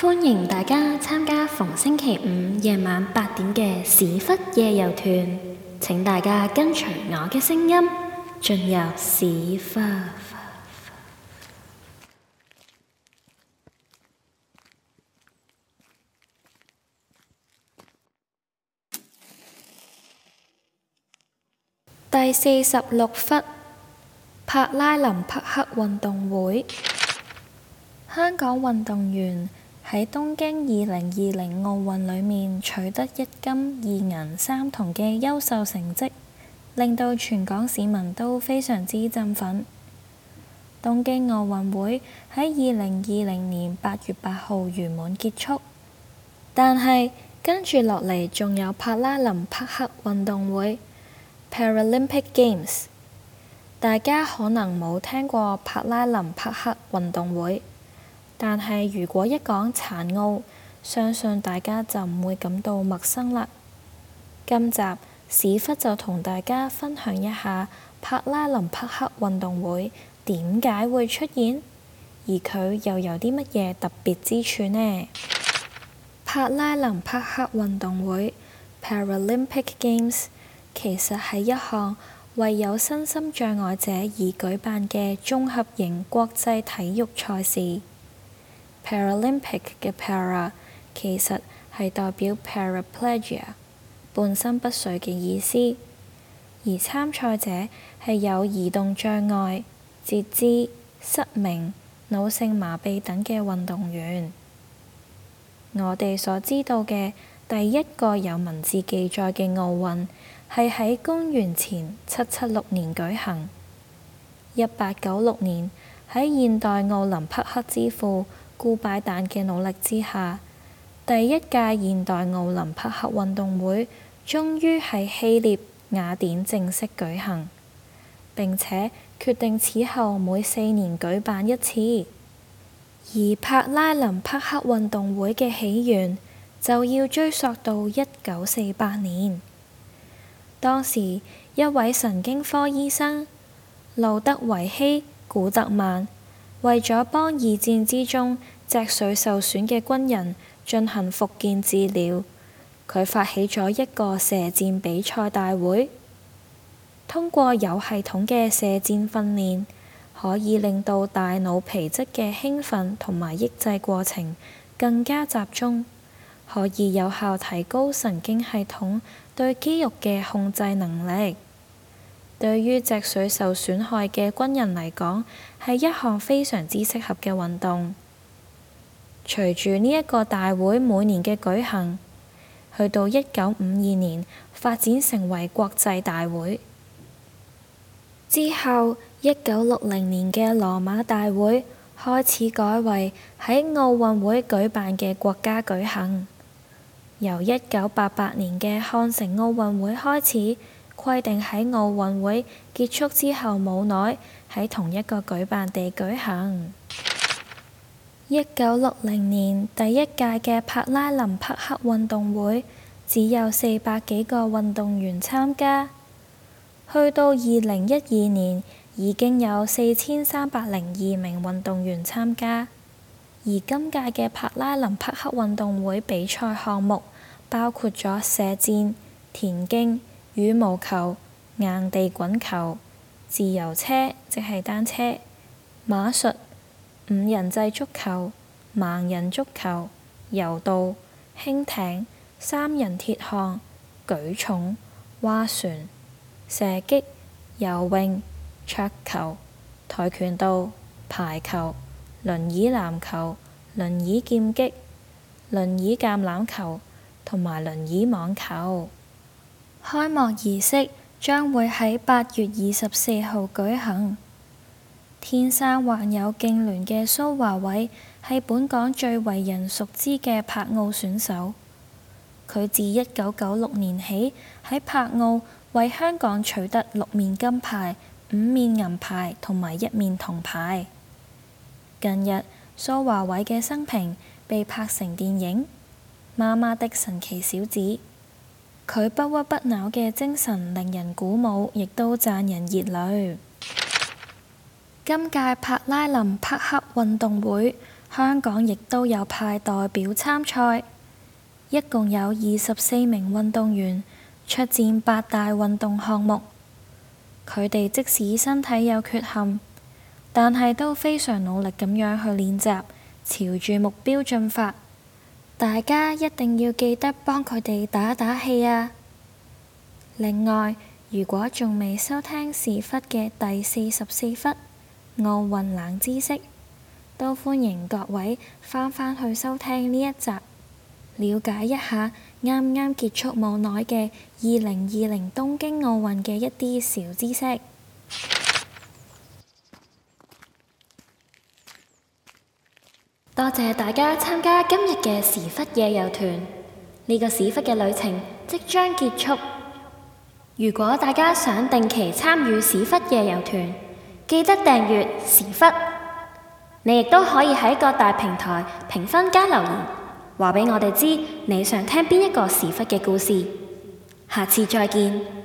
歡迎大家參加逢星期五夜晚八點嘅屎忽夜遊團。請大家跟隨我嘅聲音進入屎忽。第四十六窟，帕拉林匹克運動會，香港運動員。喺東京二零二零奧運裏面取得一金二銀三銅嘅優秀成績，令到全港市民都非常之振奮。東京奧運會喺二零二零年八月八號圓滿結束，但係跟住落嚟仲有帕拉林匹克運動會 （Paralympic Games）。大家可能冇聽過帕拉林匹克運動會。但係，如果一講殘奧，相信大家就唔會感到陌生啦。今集史窟就同大家分享一下帕拉林匹克運動會點解會出現，而佢又有啲乜嘢特別之處呢？帕拉林匹克運動會 （Paralympic Games） 其實係一項為有身心障礙者而舉辦嘅綜合型國際體育賽事。Paralympic 嘅 para 其實係代表 paraplegia，半身不遂嘅意思，而參賽者係有移動障礙、截肢、失明、腦性麻痹等嘅運動員。我哋所知道嘅第一個有文字記載嘅奧運係喺公元前七七六年舉行。一八九六年喺現代奧林匹克之父，顧拜旦嘅努力之下，第一屆現代奧林匹克運動會終於喺希臘雅典正式舉行，並且決定此後每四年舉辦一次。而帕拉林匹克運動會嘅起源就要追溯到一九四八年，當時一位神經科醫生路德維希古特曼。為咗幫二戰之中脊髓受損嘅軍人進行復健治療，佢發起咗一個射箭比賽大會。通過有系統嘅射箭訓練，可以令到大腦皮質嘅興奮同埋抑制過程更加集中，可以有效提高神經系統對肌肉嘅控制能力。對於脊髓受損害嘅軍人嚟講，係一項非常之適合嘅運動。隨住呢一個大會每年嘅舉行，去到一九五二年發展成為國際大會。之後，一九六零年嘅羅馬大會開始改為喺奧運會舉辦嘅國家舉行。由一九八八年嘅漢城奧運會開始。規定喺奧運會結束之後冇耐喺同一個舉辦地舉行。一九六零年第一屆嘅帕拉林匹克運動會只有四百幾個運動員參加，去到二零一二年已經有四千三百零二名運動員參加，而今屆嘅帕拉林匹克運動會比賽項目包括咗射箭、田徑。羽毛球、硬地滾球、自由車即係單車、馬術、五人制足球、盲人足球、柔道、輕艇、三項鐵人、舉重、划船、射擊、游泳、桌球、跆拳道、排球、輪椅籃球、輪椅劍擊、輪椅橄欖球同埋輪椅網球。開幕儀式將會喺八月二十四號舉行。天生患有痙攣嘅蘇華偉係本港最為人熟知嘅帕奧選手。佢自一九九六年起喺帕奧為香港取得六面金牌、五面銀牌同埋一面銅牌。近日，蘇華偉嘅生平被拍成電影《媽媽的神奇小子》。佢不屈不撓嘅精神令人鼓舞，亦都讚人熱淚。今屆帕拉林匹克運動會，香港亦都有派代表參賽，一共有二十四名運動員出戰八大運動項目。佢哋即使身體有缺陷，但係都非常努力咁樣去練習，朝住目標進發。大家一定要記得幫佢哋打打氣啊！另外，如果仲未收聽史窟嘅第四十四窟奧運冷知識，都歡迎各位翻返去收聽呢一集，了解一下啱啱結束冇耐嘅二零二零東京奧運嘅一啲小知識。多謝大家參加今日嘅史窟夜遊團，呢個史窟嘅旅程即將結束。如果大家想定期參與史窟夜遊團，記得訂閱史窟。你亦都可以喺各大平台評分加留言，話俾我哋知你想聽邊一個史窟嘅故事。下次再見。